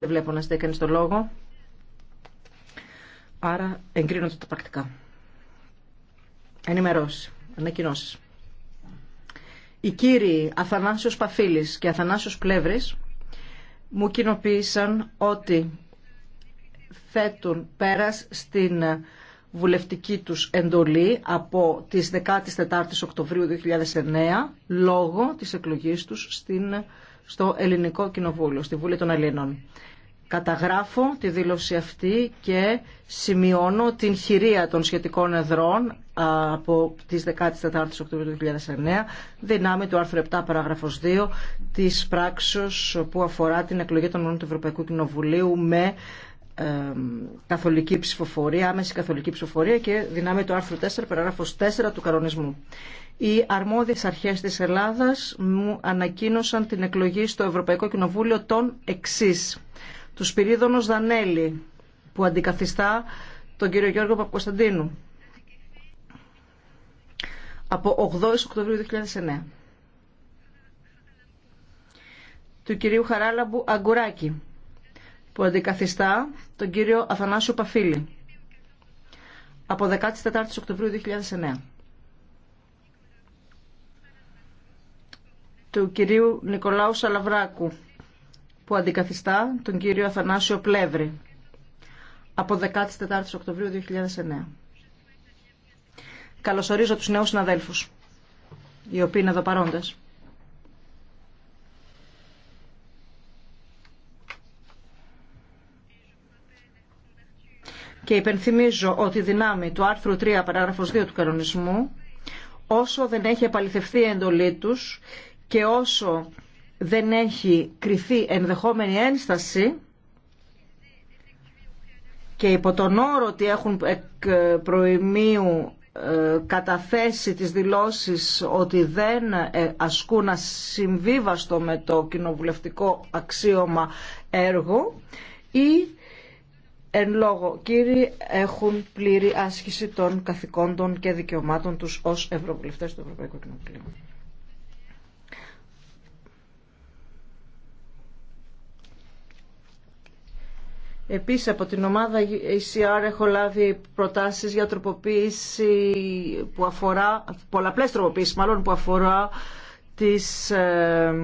Δεν βλέπω να στέκανε στο λόγο. Άρα εγκρίνονται τα πρακτικά. Ενημερώσει. Ανακοινώσει. Οι κύριοι Αθανάσιος Παφίλης και Αθανάσιος Πλεύρης μου κοινοποίησαν ότι θέτουν πέρας στην βουλευτική τους εντολή από τις 14 Οκτωβρίου 2009 λόγω της εκλογής τους στην, στο Ελληνικό Κοινοβούλιο, στη Βουλή των Ελλήνων. Καταγράφω τη δήλωση αυτή και σημειώνω την χειρία των σχετικών εδρών από τις 14 Οκτωβρίου 2009, δυνάμει του άρθρου 7 παράγραφος 2 της πράξης που αφορά την εκλογή των νόμων του Ευρωπαϊκού Κοινοβουλίου με καθολική ψηφοφορία, άμεση καθολική ψηφοφορία και δυνάμει το άρθρο 4, παράγραφος 4 του κανονισμού. Οι αρμόδιες αρχές της Ελλάδας μου ανακοίνωσαν την εκλογή στο Ευρωπαϊκό Κοινοβούλιο των εξή. Του Σπυρίδωνος Δανέλη, που αντικαθιστά τον κύριο Γιώργο Παπκοσταντίνου. Από 8 Οκτωβρίου 2009. Του κυρίου Χαράλαμπου Αγκουράκη που αντικαθιστά τον κύριο Αθανάσιο Παφίλη από 14 Οκτωβρίου 2009. του κυρίου Νικολάου Σαλαβράκου που αντικαθιστά τον κύριο Αθανάσιο Πλεύρη από 14 Οκτωβρίου 2009. Καλωσορίζω τους νέους συναδέλφους οι οποίοι είναι εδώ παρόντες. και υπενθυμίζω ότι η δυνάμη του άρθρου 3 παράγραφος 2 του κανονισμού όσο δεν έχει επαληθευθεί η εντολή τους και όσο δεν έχει κριθεί ενδεχόμενη ένσταση και υπό τον όρο ότι έχουν εκ προημίου ε, καταθέσει τις δηλώσεις ότι δεν ε, ασκούν ασυμβίβαστο με το κοινοβουλευτικό αξίωμα έργο ή εν λόγω κύριοι έχουν πλήρη άσκηση των καθηκόντων και δικαιωμάτων τους ως ευρωβουλευτές του Ευρωπαϊκού Κοινοβουλίου. Επίσης από την ομάδα ECR έχω λάβει προτάσεις για τροποποίηση που αφορά, πολλαπλές τροποποίησεις μάλλον που αφορά τις ε,